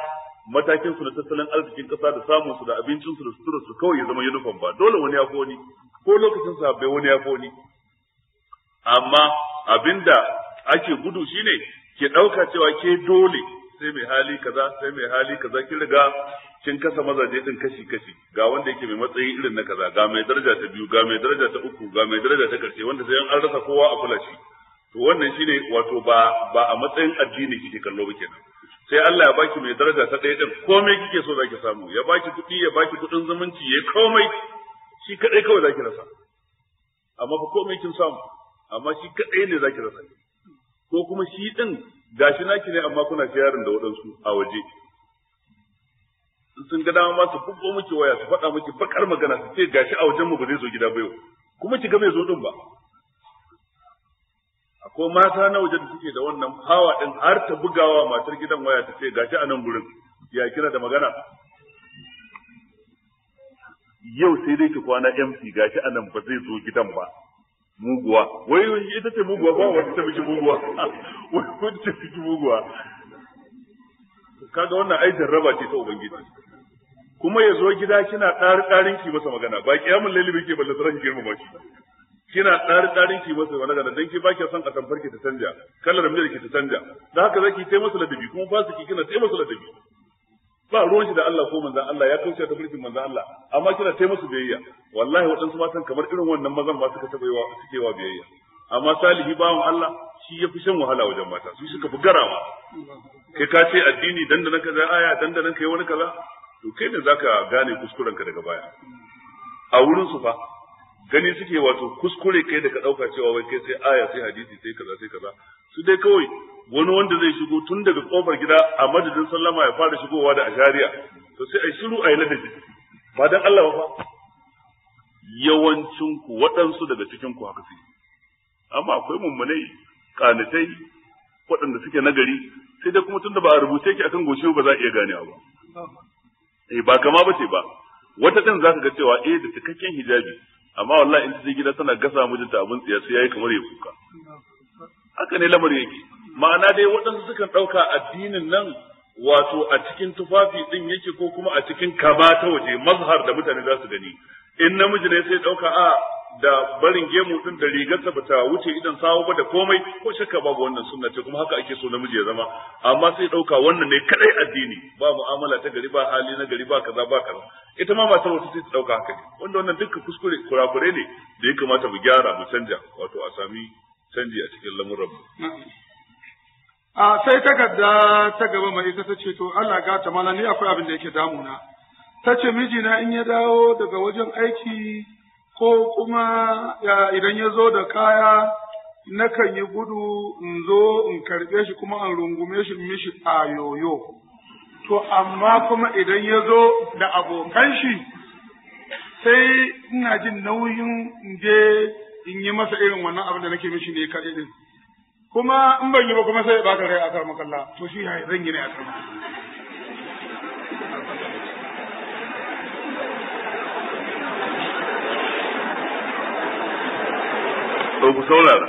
matakin su na tattalin arzikin kasa da samun su da abincin su da suturar su kawai ya zama uniform ba dole wani ya foni ko lokacin sa bai wani ya foni amma abinda ake gudu shine ke dauka cewa ke dole sai mai hali kaza sai mai hali kaza kin riga kin kasa mazaje din kashi kashi ga wanda yake mai matsayi irin na kaza ga mai daraja ta biyu ga mai daraja ta uku ga mai daraja ta karshe wanda sai an rasa kowa a kula shi to wannan shine wato ba ba a matsayin addini kike kallo ba kenan sai Allah ya baki mai daraja ta ɗaya din komai kike so zaki samu ya baki kuɗi ya baki kuɗin zumunci ya komai shi kadai kawai zaki rasa amma fa komai kin samu amma shi kadai ne zaki rasa ko kuma shi din gashi naki ne amma kuna sharing da waɗansu a waje sun ga dama su bubbo miki waya su faɗa miki bakar magana su ce gashi a wajen mu ba zai zo gida ba yau kuma ki ga bai zo din ba akwai mata na waje da suke da wannan hawa din har ta bugawa matar gidan waya ta ce gashi a nan gurin ya kira da magana yau sai dai ki kwana MC gashi a nan ba zai zo gidan ba muguwa wai ita ce muguwa ba wata ta miki muguwa [LAUGHS] wai kun ta miki muguwa kaga wannan ai jarraba ce ta ubangiji kuma ya zo gida kina ɗari ɗarin ki masa magana ba kiyamun lalibi ke balle tsaron girma shi kina ɗari ɗarin ki masa magana dan ki ba ki son a farki ta canja kallar miyar ki ta canja da haka zaki taimaka masa ladabi kuma ba su ki kina taimaka masa ladabi ba ruwan shi da Allah ko manzan Allah ya kauce ta farkin manzan Allah amma kina tai musu biyayya wallahi waɗansu matan kamar irin wannan mazan ba suka taba yawa suke wa biyayya amma salihi bawan Allah shi ya fi shan wahala wajen mata su suka fi ma. kai ka ce addini dandanan ka aya dandanan yi wani kaza to kai ne zaka gane kuskuren ka daga baya a wurin su fa gani suke wato kuskure kai da ka dauka cewa wai kai sai aya sai hadisi sai kaza sai kaza su dai kawai wani wanda zai shigo tun daga kofar gida a madadin sallama ya fara shigowa da ashariya to sai ai shiru ai ladabi ba dan Allah ba yawancin ku waɗansu daga cikin ku haka suke amma akwai mummunai kanatai waɗanda suke nagari sai dai kuma tunda ba a rubuce ki akan goshi ba za a iya ganewa ba eh ba kama ba ce ba wata din zaka ga cewa eh da cikakken hijabi amma wallahi in ta je gida tana gasa miji ta abin tsiya sai yayi kamar ya kuka haka ne lamari yake ma'ana dai waɗansu sukan ɗauka addinin nan wato a cikin tufafi din yake ko kuma a cikin kaba ta waje mazhar da mutane za su gani in namiji ne sai ɗauka a da barin gemu din da rigarsa bata wuce idan sawo ba da komai ko shakka babu wannan sunna ce kuma haka ake so namiji ya zama amma sai dauka wannan ne kadai addini ba mu'amala ta gari ba hali na gari ba kaza ba kaza ita ma matar wata sai ta dauka haka ne wanda wannan dukkan kuskure kurakure ne da ya kamata mu gyara mu canja wato a sami canji a cikin lamuran mu a sai takarda ta gaba mai ita ta ce to Allah gata mala ni akwai abin da yake damuna ta ce mijina in ya dawo daga wajen aiki ko kuma idan ya zo da kaya nakan yi gudu in zo in karɓe shi kuma in rungume shi mishi a yoyo. To, amma kuma idan ya zo da abokan shi, sai ina jin nauyin in je in yi masa irin wannan abin da nake mishi ne kaɗai din, Kuma in ban yi ba kuma sai ya ɓata rai a makalla to shi zan yi ne a karmakalla. ku saurara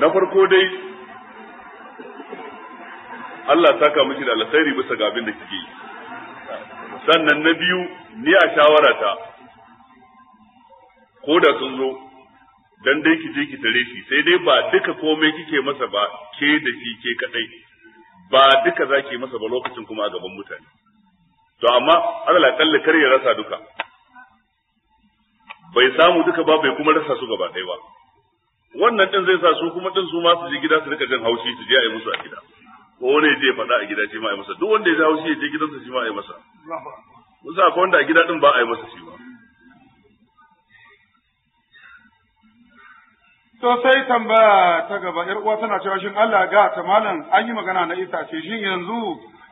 na farko dai Allah saka miki da alkhairi bisa ga abin da kike yi sannan na biyu ni a shawara ta ko da sun zo dan dai ki je ki tare shi sai dai ba duka komai kike masa ba ke da shi ke kadai ba duka zaki masa ba lokacin kuma a gaban mutane to amma Allah kalla kar ya rasa duka bai samu duka ba bai kuma rasa su gaba ɗaya ba wannan din zai sa su kuma din su ma su je gida su rika jin haushi su je a yi musu a gida ko wani ya je faɗa a gida shi ma a yi masa duk wanda ya ji haushi ya je gidansa shi ma a yi masa mun sa akwai wanda a gida din ba a yi masa shi ba to sai tambaya ta gaba yar uwa tana cewa shin Allah ga ta malam an yi magana na isa ce shin yanzu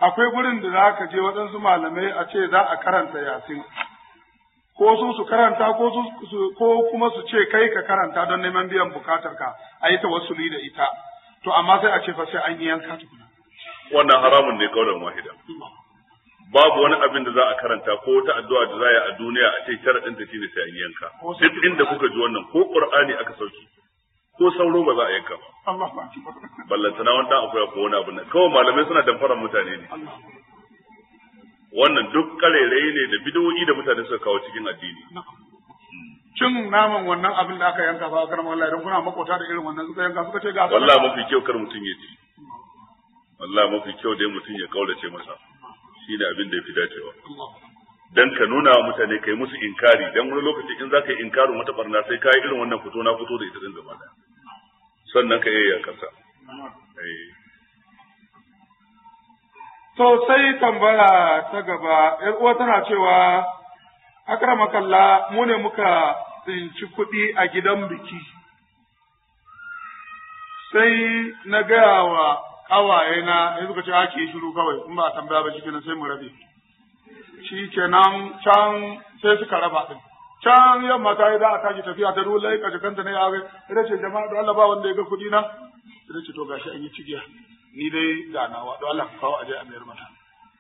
akwai gurin da za ka je waɗansu malamai a ce za a karanta yasin ko su su karanta ko su ko kuma su ce kai ka karanta don neman biyan bukatar ka a yi wasuli da ita to amma sai a ce fa sai an yi yanka tukuna wannan haramun ne kaulan wahida babu wani abin da za a karanta ko wata addu'a da za a a duniya a ce sharadin ta shine sai an yanka duk inda kuka ji wannan ko qur'ani aka sauki ko sauro ba za a yanka ba ballantana wanda akwai ko wani abin kawai malamai suna damfarar mutane ne wannan duk karerai ne da bidowi da mutane suka kawo cikin addini cin naman wannan abin da aka yanka ba a karamar Allah idan kuna makota da irin wannan suka yanka suka ce ga Allah mafi kyau kar mutum ya ci Allah mafi kyau dai mutum ya kaulace masa shi ne abin da ya fi dacewa dan ka nuna wa mutane kai musu inkari dan wani lokaci in zaka yi inkarin wata barna sai kai irin wannan fito na fito da ita din gaba sannan ka yayya kansa eh To sai tambaya ta gaba, ‘yar uwa tana cewa, akramakalla mu ne muka tsinci kuɗi a gidan biki, sai na gaya wa ƙawaye na in suka ce ake shiru kawai, in ba tambaya ba shi kenan sai mu rabe. Shi kenan can sai suka raba ɗin. Can yamma ta yi za a tashi tafiya ta ruwan laika jikanta na yare, ita ce jama'a da Allah ba wanda ya ga kuɗi na, ita ce to gashi an yi cigiya. ni dai ga nawa don Allah kawo aje a mayar mata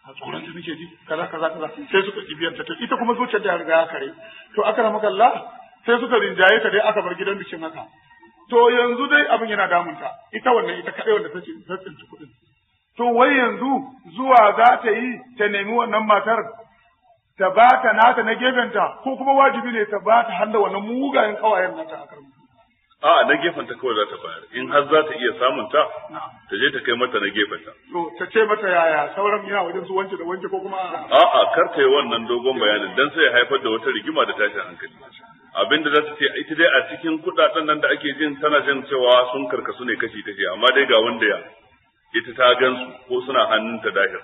a tsoron ta nake ji kaza kaza kaza sai suka biyan ta ita kuma zuciyar da riga kare to aka ramaka Allah sai suka rinjaye ta dai aka bar gidan bikin haka to yanzu dai abin yana damunta ita wannan ita kadai wanda take zartsinci kuɗin to wai yanzu zuwa za ta yi ta nemi wannan matar ta ba ta nata na gefenta ko kuma wajibi ne ta ba ta halla wannan mugayen kawayen nata a karmu a na gefen ta kawai za ta bayar in har za ta iya samun ta ta je ta kai mata na gefen ta to ta ce mata yaya sauran yana wajen su wanke da wanke ko kuma a a'a kar ta yi wannan dogon bayanin dan sai ya haifar da wata rigima da tashin hankali abinda za ta ce ita dai a cikin kudaden nan da ake jin tana jin cewa sun karkasu ne kashi take amma dai ga wanda ya ita ta gansu ko suna hannunta dahir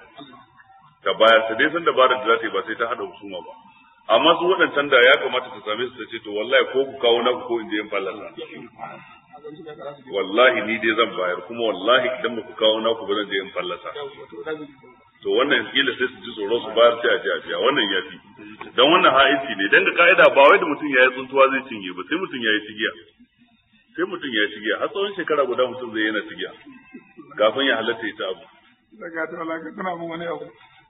ta bayar ta dai san dabarar da za ta yi ba sai ta hada husuma ba amma su waɗancan da ya kamata ta same su ta ce to wallahi ko ku kawo naku ko in je in fallasa wallahi ni dai zan bayar kuma wallahi idan ba ku kawo naku ba zan je in fallasa to wannan kila sai su ji tsoro su bayar sai a je a biya wannan ya fi don wannan ha'inci ne don da ka'ida ba wai da mutum ya yi tsuntuwa zai cinye ba sai mutum ya yi cigiya sai mutum ya yi cigiya har tsawon shekara guda mutum zai yana cigiya kafin ya halatta ita abu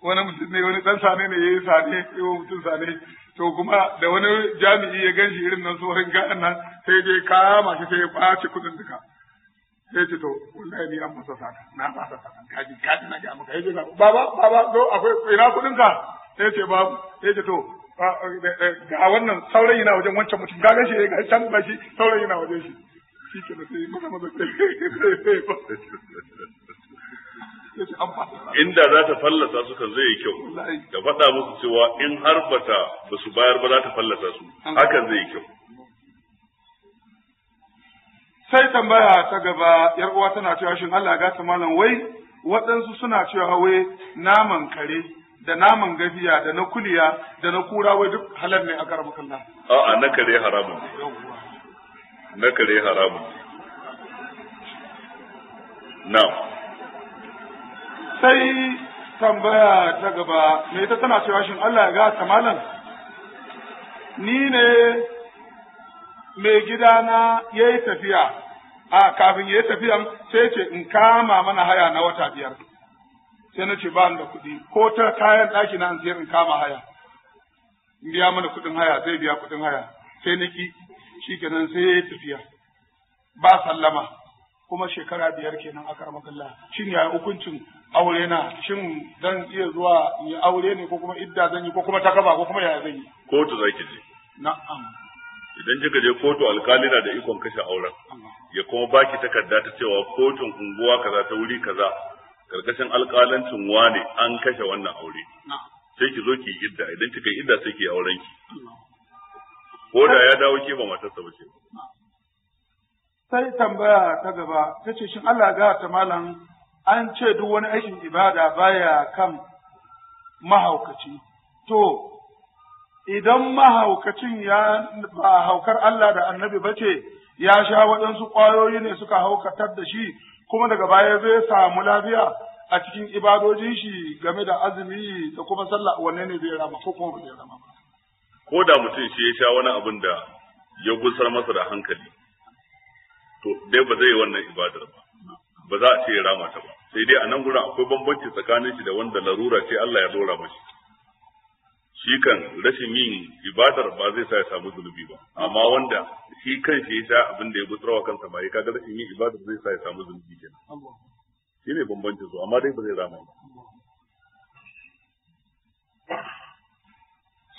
wani mutum ne wani dan sane ne ya yi sane ya yi mutum sane to kuma da wani jami'i ya ganshi irin nan tsohon ga'an nan sai dai kama shi sai ya ɓace kudin duka sai ce to wallahi ni an masa sata na ba sa sata kaji kaji na ga maka ba baba baba to akwai ina kudin ka sai ce babu sai ce to ga wannan saurayi na wajen wancan mutum ga gashi ga can ba shi saurayi na wajen shi shi ke da sai maza maza sai [LAUGHS] inda za ta fallasa su kan zai yi kyau ka faɗa musu cewa in har bata ba su bayar ba za ta fallasa su hakan zai yi kyau sai tambaya ta gaba yar uwa tana cewa shin Allah ga ta malam wai waɗansu suna cewa wai naman kare da naman gafiya da na kuliya da na kura wai duk halal ne a karamukan nan a'a na kare haramun na kare haramun na'am sai tambaya ta gaba me ita tana cewa shin Allah ya gata malam ni ne mai gidana ya yi tafiya a kafin ya yi tafiya sai ce in kama mana haya na wata biyar sai na ce ba da kuɗi ko ta kayan ɗaki na siyar in kama haya in biya mana kuɗin haya zai biya kuɗin haya sai na ki shi kenan sai ya yi tafiya ba sallama kuma shekara biyar kenan a karamar Allah shin yaya hukuncin aure na shin zan iya zuwa yi aure ne ko kuma idda zan yi ko kuma takaba ko kuma yaya zan yi kotu zaki je na'am idan kika je kotu alkali na da ikon kashe auren ya kuma baki takarda ta cewa kotun unguwa kaza ta wuri kaza karkashin alkalancin wane an kashe wannan aure sai ki zo ki idda idan kika idda sai ki auren ki ko da ya dawo ke ba matarsa ba ce sai tambaya ta gaba tace shin Allah ga ta malam an ce duk wani aikin ibada baya kan mahaukaci to idan mahaukacin ya ba haukar Allah da annabi ba ce ya sha waɗansu ƙwayoyi ne suka haukatar da shi kuma daga baya zai samu lafiya a cikin ibadojin shi game da azumi da kuma sallah wanne ne zai rama ko kuma zai rama ko da mutum shi ya sha wani abin da ya gusar masa da hankali to dai ba zai yi wannan ibadar ba ba za a ce ya rama ta ba sai dai a nan gurin akwai bambanci tsakanin shi da wanda larura ce Allah ya dora mashi shi kan rashin yin ibadar ba zai sa ya samu zunubi ba amma wanda shi kan shi ya abin da ya wa kansa ba ya kaga rashin yin ibadar zai sa ya samu zunubi kenan shi ne bambanci su amma dai ba zai rama ba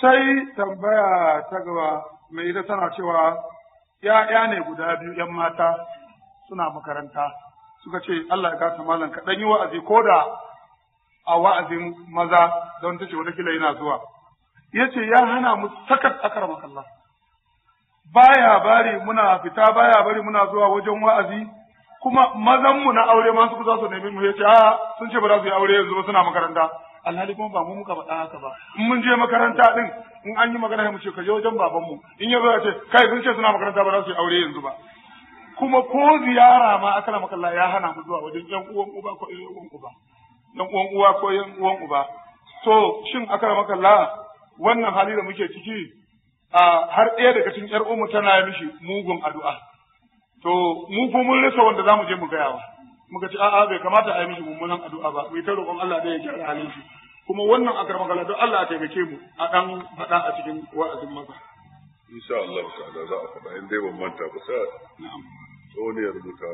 sai tambaya ta gaba mai ita tana cewa ya'ya ne guda biyu 'yan mata suna makaranta suka ce Allah ya kasa malam ka dan yi wa'azi ko da a wa'azin maza don ta ce wata kila yana zuwa yace ya hana mu sakat akramaka Allah baya bari muna fita baya bari muna zuwa wajen wa'azi kuma mazan mu na aure ma su kusa su nemi mu yace a sun ce ba za su yi aure yanzu ba suna makaranta alhali kuma ba mu muka faɗa haka ba in mun je makaranta din in an yi magana mu ce ka je wajen baban mu in ya zo ya ce kai sun ce suna makaranta ba za su yi aure yanzu ba kuma ko ziyara ma lamaka Allah ya hana mu zuwa wajen ƴan uwan uba ko ƴan uwan uba ƴan uwan uwa ko ƴan uwan uba to shin lamaka Allah wannan hali da muke ciki a har ɗaya daga cikin ƴar umu tana mishi mugun addu'a to mu ko mun rasa wanda zamu je mu ga yawa muka ce a'a bai kamata a yi mishi mummunan addu'a ba mai ta roƙon Allah da ya gyara halin shi kuma wannan a karɓar don Allah a taimake mu a ɗan faɗa a cikin wa'azin maza. Insha Allah ta'ala za a faɗa in dai ban manta ba sa. Na'am. wani ya rubuta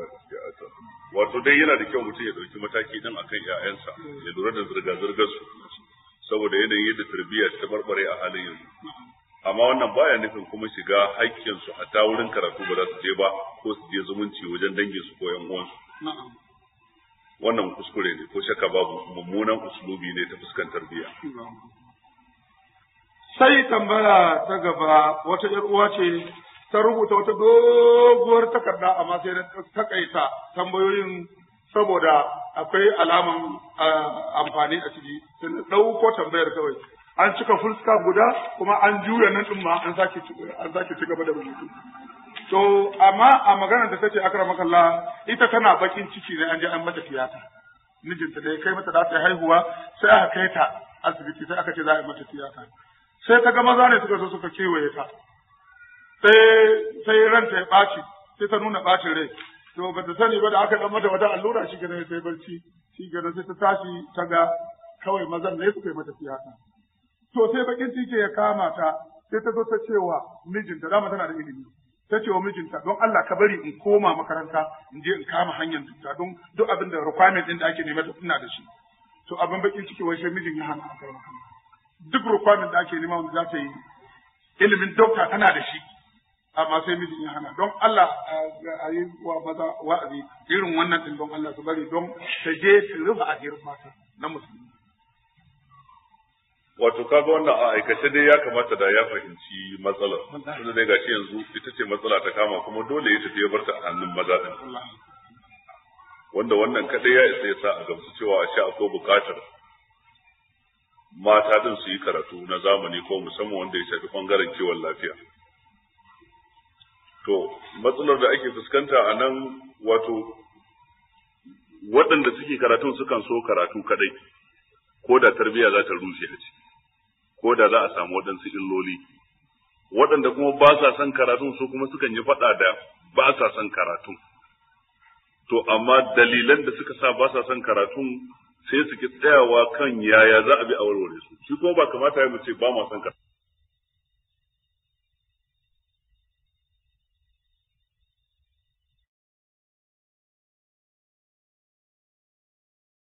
wato dai yana da kyau mutum ya ɗauki mataki din akan ya'yansa ya lura da zirga-zirgar su saboda yanayin yadda tarbiyya ta barbare a halin yanzu amma wannan baya nufin kuma shiga haƙƙin su hatta wurin karatu ba za su je ba ko su je zumunci wajen dangin su ko yan uwansu wannan kuskure ne ko shakka babu mummunan uslubi ne ta fuskan tarbiyya sai tambaya ta gaba wata 'yar uwa ce ta rubuta wata doguwar takarda amma sai da takaita tambayoyin saboda akwai alaman amfani a ciki sun ɗauko tambayar kawai an cika fuska guda kuma an juya nan ɗin ma an sake an sake ci gaba da rubutu to amma a maganar da take akrama makalla, ita tana bakin ciki ne an je an mata tiyata mijinta da ya kai mata da ta haihuwa sai aka kai ta asibiti sai aka ce za a yi mata tiyata sai ta ga maza ne suka zo suka kewaye ta sai ranta ya ɓaci sai ta nuna ɓacin rai to ba ta sani ba da aka ɗan mata wata allura shi gane sai barci shi gane sai ta tashi ta ga kawai mazan ne suka yi mata siyasa to sai bakin tike ya kama ta sai ta zo ta cewa mijinta dama tana da ilimi ta ce wa mijinta don Allah ka bari in koma makaranta in je in kama hanyar tuta don duk abin da requirement din da ake nema ta ina da shi to abin bakin ciki wai sai mijin ya hana a duk requirement da ake nema wanda za ta yi ilimin dokta tana da shi amma sai mijin ya hana don Allah a yi wa maza wa'azi irin wannan din don Allah su bari don ta je su rufe jirin mata na musulmi wato kaga wannan a aikace dai ya kamata da ya fahimci matsalar tunda dai gashi yanzu ita ce matsala ta kama kuma dole ya tafi ya barta a hannun maza din wanda wannan kadai ya isa ya sa a gamsu cewa a sha akwai bukatar mata din su yi karatu na zamani ko musamman wanda ya shafi bangaren kiwon lafiya to matsalar da ake fuskanta a nan wato waɗanda suke karatun sukan so karatu kadai ko da tarbiyya za ta rushe a ciki ko da za a samu waɗansu illoli waɗanda kuma ba sa son karatun su kuma sukan yi faɗa da ba sa son karatun to amma dalilan da suka sa ba sa son karatun sai su ki tsayawa kan yaya za a bi a warware su shi kuma ba kamata ya mu ce ba ma son karatun